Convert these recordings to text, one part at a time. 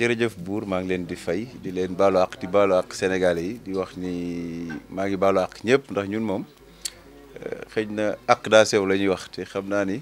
jërëjëf buur maa ngi leen di fay di leen baalu àq di baalu àq sénégalais yi di wax ni maa ngi baalu àq ñëpp ndax ñun moom euh, xëy na ak daa sew la ñuy wax te xam naa ni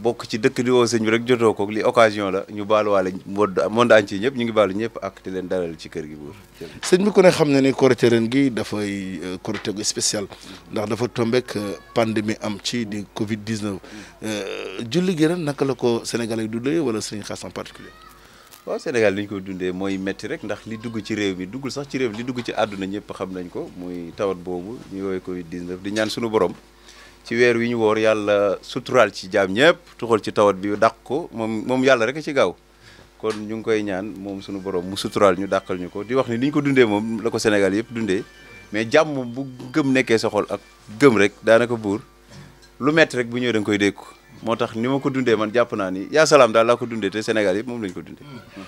bokk ci dëkk di woo sëñ bi rek jotoo kook li occasion la ñu baaluwaale monde monde entier ñëpp ñu ngi baalu ñëpp ak di leen dalal ci kër gi buur. sëñ bi ku ne xam na ni Korité ren gi dafay euh, Korité gu spécial ndax dafa tombeek euh, pandémie am ci di Covid 19 julli gi rek naka la ko sénégalais yi wala sëñ xaas en waaw Sénégal li ñu koy dundee mooy métti rek ndax li dugg ci réew mi duggul sax ci réew mi li dugg ci àdduna ñëpp xam nañ ko mooy tawat boobu ñu woowee Covid 19 di ñaan suñu borom ci weer wi ñu woor yàlla suturaal ci jaam ñëpp tuxal ci tawat bi dàq ko moom moom yàlla rek a ci gaaw kon ñu ngi koy ñaan moom sunu borom mu suturaal ñu dàqal ñu ko di wax ni li ñu ko dundee moom la ko Sénégal yëpp dundee mais jàmm bu gëm nekkee sa xol ak gëm rek daanaka buur lu metti rek bu ñëwee da koy dékku. moo tax ni ma ko dundee man jàpp naa ni yaa salaam daal laa ko dundee te Sénégal yëpp moom lañ ko dundee.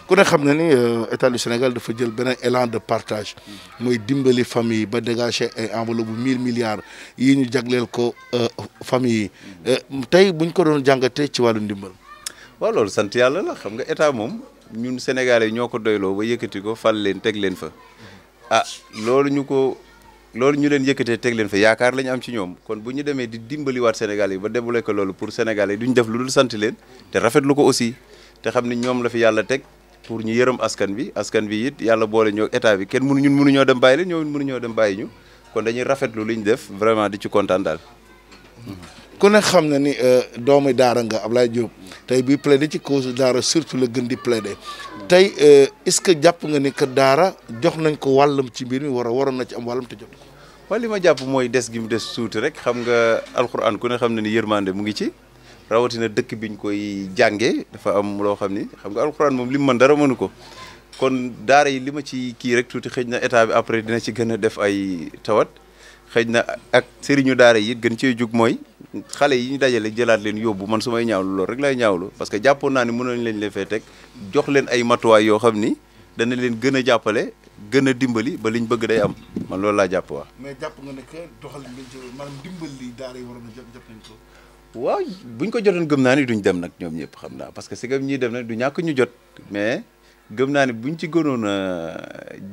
ku ne xam na ni euh, état du Sénégal dafa jël beneen élan de partage. mooy dimbali famille ba dégager ay enveloppe bu 1000 milliards yi ñu jagleel ko euh, famille yi euh, tey buñ ko doon jàngatee ci wàllu ndimbal. waaw sant yàlla la xam nga état moom ñun sénégalais ñoo ko doyloo ba yëkkati ko fal leen teg leen fa ah loolu ñu ko. loolu ñu leen yëkkatee teg leen fa yaakaar la ñu am ci ñoom kon bu ñu demee di dimbaliwaat Sénégal yi ba développé ko loolu pour Sénégal yi duñ def lu dul sant leen te rafetlu ko aussi te xam ni ñoom la fi yàlla teg pour ñu yërëm askan bi askan bi it yàlla boole ñoo état bi kenn mënu ñun mënuñoo dem bàyyi leen ñoo mënuñoo dem bàyyi ñu kon dañuy rafetlu lu ñu def vraiment di ci kontaan daal ku ne xam na ni euh, doomu daara nga am Ablaye Diop tey bi plaider ci cause daara surtout la gën di plaider tey euh, est-ce que jàpp nga ni que daara jox nañ ko wàllam ci mbir mi war a waroon na ci am wàllam te jot ko. waaw li ma jàpp mooy des gi mu des suuti rek xam nga alxuraan ku ne xam na ni yërmande mu ngi ci rawatina dëkk biñ koy jàngee dafa am loo xam ni xam nga alxuraan moom li mu mën dara mënu ko. kon daara yi li ma ci kii rek tuuti xëj na état bi après dina ci gën a def ay tawat xëj na ak sëriñu daara yi gën cee jug mooy xale yi ñu dajale jëlaat leen yóbbu man su may ñaawlu loolu rek lay ñaawlu parce que jàppoon naa ni mënoon leen leen fee teg jox leen ay yoo xam ni dana leen gën a jàppale gën a dimbali ba liñ bëgg day am man loolu laa jàpp waa. mais jàpp nga ne que doxal bi maanaam dimbali daara yi waroon na jot nañ ko. waaw buñ ko jotoon gëm naa ni duñ dem nag ñoom ñëpp xam naa parce que si gam ñiy dem nag du ñàkk ñu jot mais. gëm naa ne ñu ci gënoon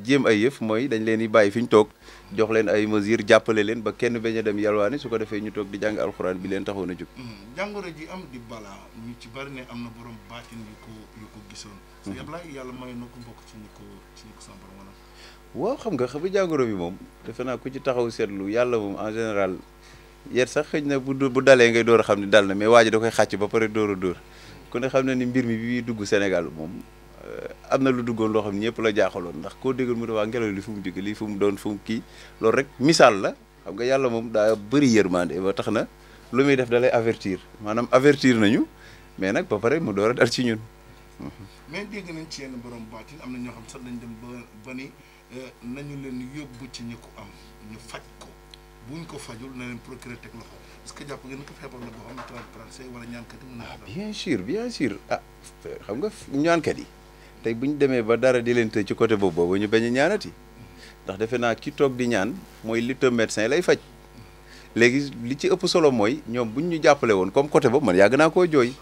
jéem ay yëf mooy dañ leen di bàyyi fi ñu toog jox leen ay mesures jàppale leen ba kenn bañ a dem yalwaani su ko defee ñu toog di jàng alxuraan bi leen taxoon a jóg. Hmm. ji am di ci bari ne am na borom baatin yu hmm. na ko mbokk ci ñu ci ñu ko sama waaw xam nga xam nga jàngoro bi moom defe naa ku ci taxaw seetlu yàlla moom en général yer sax xëj na bu bu dalee ngay door a xam ne dal na mais waa ji da koy xàcc ba pare door a door ku ne xam na ni mbir mi bi dugg Sénégal moom Euh, am na lu duggoon loo xam ne ñëpp la jaaxaloon ndax koo déggal mu ne waa ngelaw li fu mu jóge lii fu mu doon fu mu kii loolu rek misaal la xam nga yàlla moom daa bëri yërmande ba tax na lu muy def da avertir maanaam avertir nañu mais nag ba pare mu door a dal ñun. mais dégg nañ ci yenn borom baatin am na ñoo xam sax dañ dem ba ba ni euh, nañu leen yóbbu ci ñu ko am ñu faj ko buñ ko fajul na leen procurer teg loxo est que jàpp ngeen ko feebar la boo na. Ah, bien sûr bien sûr ah xam nga ñaankat yi. tey bu ñu demee ba dara di leen tëj ci côté boobu boobu ñu bañ a ñaanati ndax defe naa ki toog di ñaan mooy li tëb médecin lay faj léegi li ci ëpp solo mooy ñoom buñ ñu jàppale woon comme côté boobu man yàgg naa koo jooy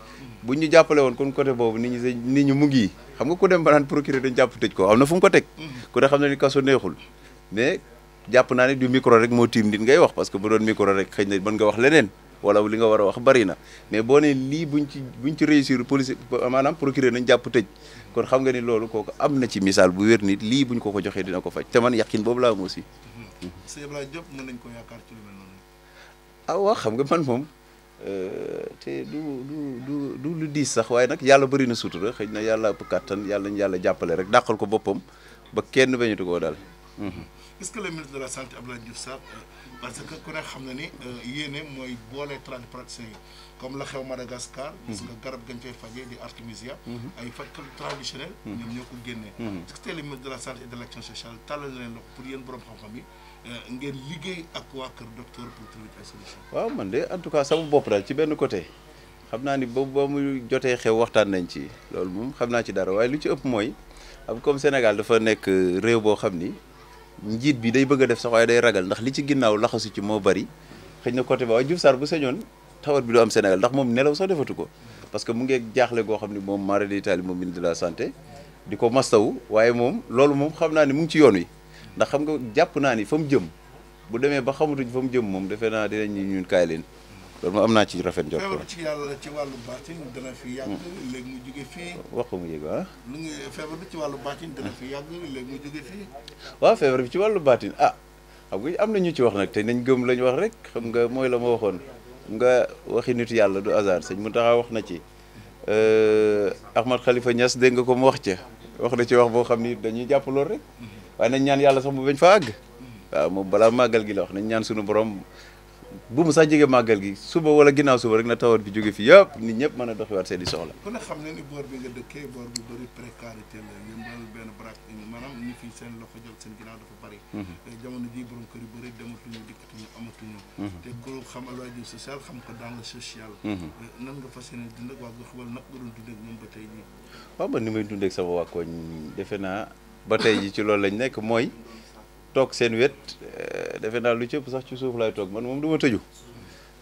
buñ ñu jàppale woon comme côté boobu ni ñu nit ñi mu ngi xam nga ko dem ba naan procureur dañ jàpp tëj ko am na fu mu ko teg mm-hmm. ku ne xam ne ni kaso neexul mais jàpp naa ne du micro rek moo tiim nit ngay wax parce que bu doon micro rek xëy na mën nga wax leneen wala li nga war a wax bari na mais boo nee lii buñ ci buñ ci réussir police maanaam procureur nañ jàpp tëj kon xam nga ni loolu kooku am na ci misaal bu wér nit lii buñ ko ko joxee dina ko faj te man yàqin boobu laa am aussi. Mm-hmm. sëñ Abdoulaye mën nañ ko yaakaar ci lu ah xam nga man moom euh, te du du du lu diis sax waaye nag yàlla bëri na sutura xëy na yàlla ëpp kàttan yàlla ñu yàlla jàppale rek dàqal ko boppam ba kenn bañatu koo dal mm-hmm. est-ce que le ministre de la santé Abdoulaye Diouf Sarr euh, parce que ku ne xam ni euh, yene moy bolé 30 praticiens comme la xew Madagascar. Mhm. parce que garab gën fay fajee di artemisia. Mhm. ay fajkat traditionnel. Mhm. ñoom ñoko ko est-ce que tey le ministre de la santé et de l'action sociale tàllal leen loxo pour yéen borom xam-xam yi euh, ngeen liggéey ak waa kër docteur pour trouver ay solution waaw man dé en tout cas sama bopp daal ci benn côté xamna ni bo ba mu joté xew waxtaan nañ ci loolu moom xam ci dara waaye lu ci ëpp moy comme Sénégal dafa nek réew bo xam njiit bi day bëgg a def sax waaye day ragal ndax li ci ginnaaw laxasu ci moo bari xëy na côté ba waaye Diouf Sarr bu sañoon tawat bi du am Sénégal ndax moom nelaw soo defatu ko parce que mu ngi jaaxle goo xam ne moom mara d'Italie moom ministre de la santé di ko mastawu waaye moom loolu moom xam naa ne mu ngi ci yoon wi ndax xam nga jàpp naa ni fa mu jëm bu demee ba xamatuñ fa mu jëm moom defe naa dinañ ñun kaay leen loolu moom am naa ci rafet njort feebar ci yàlla ci wàllu baatin dana fi yàgg hmm. fii wax ko mu yëg ah. bi ci wàllu baatin dana fi yàgg bi ci wàllu baatin ah xam nga am na ñu ci wax nag te nañ gëm lañ wax rek xam nga mooy la ma waxoon nga waxi nitu yàlla du hasard sëñ mu taxaa wax na ci eh, Ahmad Khalifa ñas dégg nga ko mu wax ca wax na ci wax boo xam ni dañuy jàpp lool rek hmm. waaye nañ ñaan yàlla sax mu bañ fa àgg hmm. waaw moom balaa màggal gi la wax nañ ñaan suñu borom bu mu sax jege màggal gi suba wala ginnaaw suba rek na tawat bi jóge fi yëpp nit ñëpp mën a doxiwaat seen xam nga dëkkee boor bi bëri précarité la yëmbal loxo jot seen ginnaaw dafa bëri. Mhm. Eh, jamono ji borom kër yu bëri dematuñu dikkatuñu amatuñu. Mhm. te ku xam alwaajur social xam ko dans le social. Mhm. Eh, nan nga fas yéene dund ak waa gox wala nag nga doon dund ak ñoom ba tey jii. waaw man ni may dund ak sama waa koñ defe naa ba tey ji ci loolu lañ nekk mooy. toog seen wet euh, defe naa lu cëpp sax ci suuf laay toog man moom du ma tëju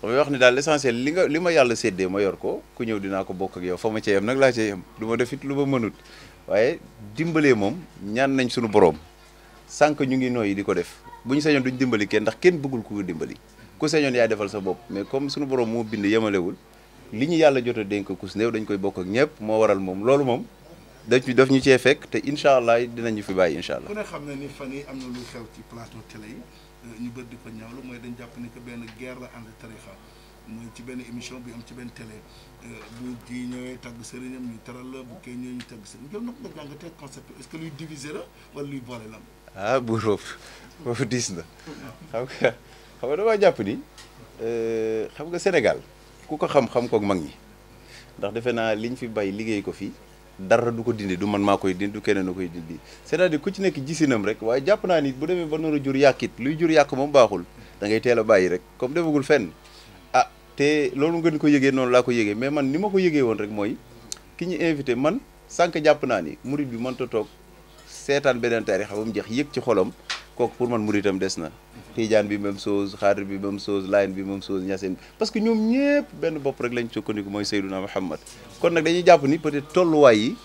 damay wax ni daal l'essentiel li nga li ma yàlla séddee ma yor ko ku ñëw dinaa ko bokk ak yow fa ma cee yem nag laa cee yem du ma def it lu ma mënut waaye dimbalee moom ñaan nañ suñu boroom sànq ñu ngi nooy di ko def bu ñu sañoon duñ dimbali kenn ndax kenn bëggul ku dimbali ku sañoon yaa defal sa bopp mais comme suñu boroom moo bind yemalewul li ñu yàlla jot a dénk kus néew dañ koy bokk ak ñëpp moo waral moom loolu daf ñu daf ñu cee fekk te incha allah ñu fi bàyyi incha allah. ku ne xam na ni fan ni am na lu xew ci plateau télé yi euh, ñu bëri di ko ñaawlu mooy dañ jàpp ni que benn guerre la ànd tarixa mooy ci benn émission bi am ci benn télé euh, bu kii ñëwee tàgg sëriñam bu kii ñëwee ñu tàgg sëriñ yow luy diviser la wala luy boole la. ah bu foofu foofu diis na xam nga xam nga damaa jàpp ni euh, xam nga Sénégal ku ko xam-xam koog mag ñi ndax defe naa liñ fi bay liggéey ko fii. dara du ko dindi du man ma koy dindi du keneen a koy dindi cest à ku ci nekk gisinam rek waaye jàpp naa ni bu demee ba nar a jur yàqit luy jur yàq moom baaxul dangay ngay teel a bàyyi rek comme demagul fenn ah te loolu ngeen ko yëgee noonu laa ko yegee mais man ni ma ko yëgee woon rek mooy ki ñu invité man sànq jàpp naa ni murit bi mënta toog seetaan beneen taarix ba mu jeex yëg ci xolom kooku pour man muritam des na Tidiane bi même chose xaadir bi même chose Layen bi même chose Niassène parce que ñoom ñëpp benn bopp rek lañ sukkandiku mooy Seydouna Muhammad kon nag dañuy jàpp ni peut-être tolluwaay yi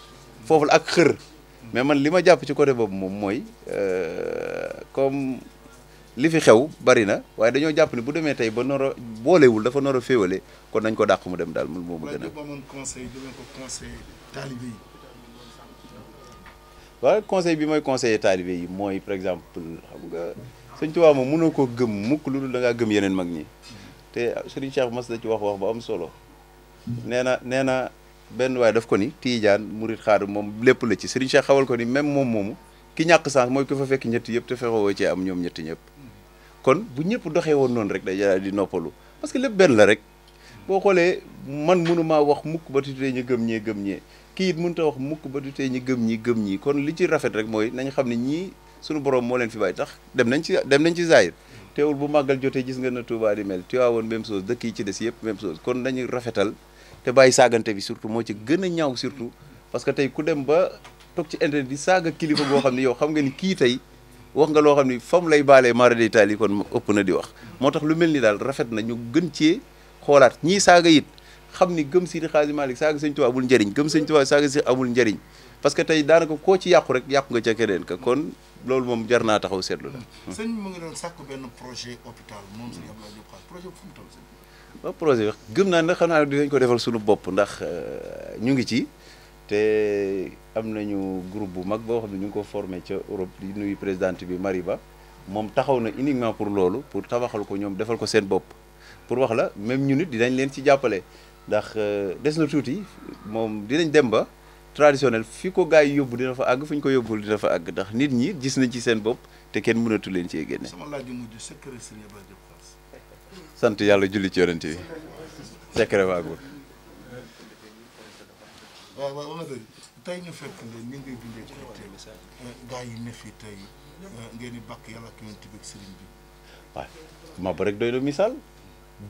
foofu la ak xër mais man li ma jàpp ci côté boobu moom mooy euh, comme li fi xew bari na waaye dañoo jàpp ni bu demee tey ba noro boolewul dafa noro féewale kon nañ ko dàq mu dem daal moom moo gën a. conseil ko conseil taalibe yi. conseil bi mooy conseiller taalibe yi mooy par exemple xam nga. sëñ Tuubaa moom munoo koo gëm mukk lu dul da gëm yeneen mag ñi te Serigne Cheikh mas na ci wax wax ba am solo nee na nee na benn waay daf ko ni Tiijaan Murit xaar moom lépp la ci Serigne Cheikh xawal ko ni même moom moomu ki ñàkk sens mooy ku fa fekk ñett yëpp te fexewoo cee am ñoom ñetti ñëpp kon bu ñëpp doxee woon noonu rek day daal di noppalu parce que lépp benn la rek boo xoolee man mënumaa wax mukk ba tutee ñu gëm ñee gëm ñee kii it mënut a wax mukk ba tutee ñu gëm ñi gëm ñi kon li ci rafet rek mooy nañ xam ne ñii sunu borom moo leen fi baay tax dem nañ ci dem nañ ci zaayir teewul bu màggal jotee gis nga na Touba di mel Tiwaawoon même chose dëkk yi ci des yëpp même chose kon nañu rafetal te bàyyi saagante bi surtout moo ci gën a ñaaw surtout parce que tey ku dem ba toog ci internet di saaga kilifa boo xam ne yow xam nga ni kii tey wax nga loo xam ni fam lay baalee mara day taal yi kon ëpp na di wax moo tax lu mel ni daal rafet na ñu gën ci xoolaat ñii saaga it xam ni gëm si di xaali Malik saaga sëñ Tuubaa amul njëriñ gëm sëñ Tuubaa saaga si amul parce que tey daanaka ko ci yàqu rek yàqu nga ca keneen ka kon loolu moom jar naa taxaw seetlu la. Hmm. sëñ ngi doon sàkk benn projet hôpital moom sëñ projet gëm naa ne xam naa dinañ ko defal suñu bopp ndax euh, ñu ngi ci te am nañu groupe bu mag boo xam ne ñu ngi ko formé ca Europe di nuyu présidente bi ba moom taxaw na uniquement pour loolu pour tabaxal ko ñoom defal ko seen bopp pour wax la même ñun it dinañ leen ci jàppale ndax euh, des na tuuti moom dinañ dem ba. traditionnel fi ko gars yi yóbbu dina fa àgg fu ñu ko yóbbul dina fa àgg ndax nit ñi gis nañ ci seen bopp te kenn mënatu leen cee génne. sama laaj mujj secret Serigne Bara Diop Fass. sant yàlla julli ci yonent bi secret waagul. Eh, yi ne fii tey eh, ngeen di bàkk yàlla ak doy na misaal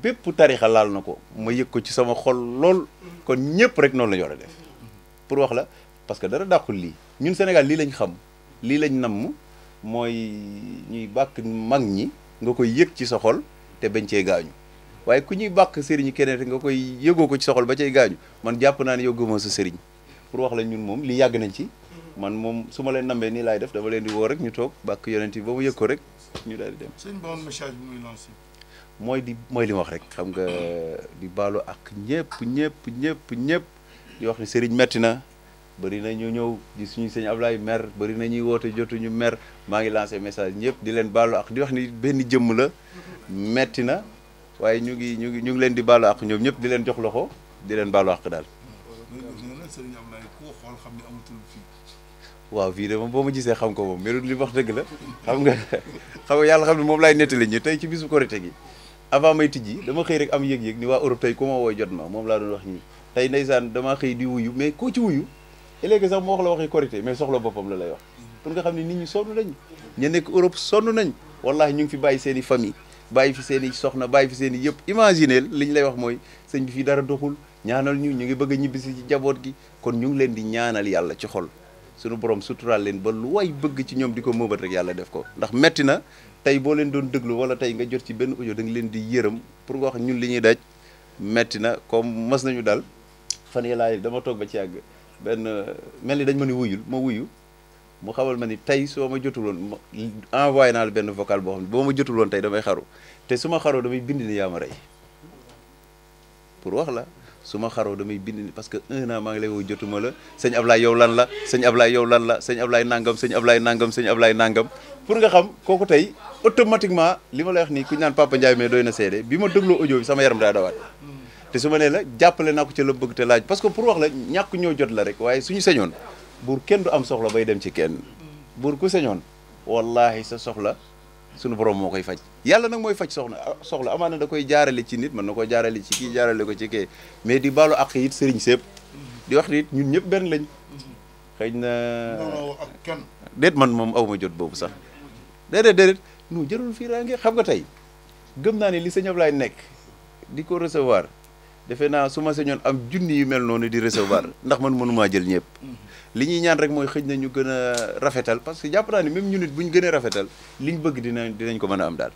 bépp tarixa laal na ko ma yëg ko ci sama xol lool kon ñëpp rek noonu la ñu war a def. pour wax la parce que dara dàqul lii ñun Sénégal lii lañ xam lii lañ namm mooy ñuy bàkk mag ñi nga koy yëg ci sa xol te bañ cee gaañu waaye ku ñuy bàkk sëriñ keneen te nga koy yëgoo ko ci sa xol ba cay gaañu man jàpp naa ne yow gëmoo sa sëriñ pour wax la ñun moom lii yàgg nañ ci man moom suma leen nambee nii laay def dama leen di woo rek ñu toog bàkk yonent yi ba mu yëg ko rek ñu daal di dem. seen bon message bi muy mooy di mooy li wax rek xam nga di baalu ak ñëpp ñëpp ñëpp ñëpp. di wax ni sëriñ metti na bëri na ñu ñëw di suñu sëñ Ablaye mer bëri na ñuy woote jotuñu mer maa ngi lancé message ñëpp di leen baalu ak di wax ni benn jëmm la metti na waaye ñu ngi ñu ngi ñu ngi leen di baalu ak ñoom ñëpp di leen jox loxo di leen baalu ak daal. waaw fii de moom boo ma gisee xam ko moom melul li wax dëgg la xam nga xam yàlla xam ne moom laay nettali tey ci bisu korite gi avant may tijji dama xëy rek am yëg-yëg ni waa Europe tey ko ma wooy jot ma moom laa doon wax ñi tey ndeysaan damaa xëy di wuyu mais koo ci wuyu léegi sax mu wax la waxi korité mais soxla boppam la lay wax pour nga xam ne nit ñi sonn nañ ñu nekk Europe sonn nañ wallahi ñu ngi fi bàyyi seen i famille bàyyi fi seen i soxna bàyyi fi seen i yëpp imagineel li ñu lay wax mooy sëñ bi fi dara doxul ñaanal ñu ñu ngi bëgg ñibbisi ci jaboot gi kon ñu ngi leen di ñaanal yàlla ci xol sunu borom suturaal leen ba lu waay bëgg ci ñoom di ko mëbat rek yàlla def ko ndax metti na tey boo leen doon déglu wala tey nga jot ci benn audio da leen di yërëm pour nga wax ñun li ñuy daj metti na comme mas nañu dal fan yi dama toog ba ci yàgg benn mel ni dañ ma ni wuyul ma wuyu mu xamal ma ni tey soo ma jotuloon envoyé naa la benn vocal boo xam ne boo ma jotuloon tey damay xaru te suma ma xaroo damay bind ni yaa ma pour wax la su ma xaroo damay bind parce que maa ngi lay woo jotuma la sëñ Ablaye yow lan la sëñ Ablaye yow lan la sëñ Ablaye nangam sëñ Ablaye nangam sëñ Ablaye nangam pour nga xam kooku tey automatiquement li ma lay wax ni ku ñu naan Papa Ndiaye mais doy na seede bi ma dégloo audio bi sama yaram daa dawaat te su ma nee la jàppale naa ko ci la bëgg te laaj parce que pour wax la ñàkk ñoo jot la rek waaye suñu sañoon buur kenn du am soxla bay dem ci kenn buur ku sañoon wallahi sa soxla sunu borom moo koy faj yàlla nag mooy faj soxna soxla amaana da koy jaarale ci nit mën na ko jaarale ci kii jaarale ko ci kee mais di baalo ak it sëriñ sépp di wax it ñun ñëpp benn lañ xëy na ak man moom awma jot boobu sax déedéet déedéet nu jërul fii xam nga tey gëm naa ne li sëñ Ablaye nekk di ko recevoir defe naa su ma sañoon am junni yu mel noonu di recevoir ndax man mënumaa jël ñëpp. li ñuy ñaan rek mooy xëj na ñu gën a rafetal parce que jàpp naa ni même ñu nit bu ñu gën a rafetal liñ bëgg dina dinañ ko mën a am daal.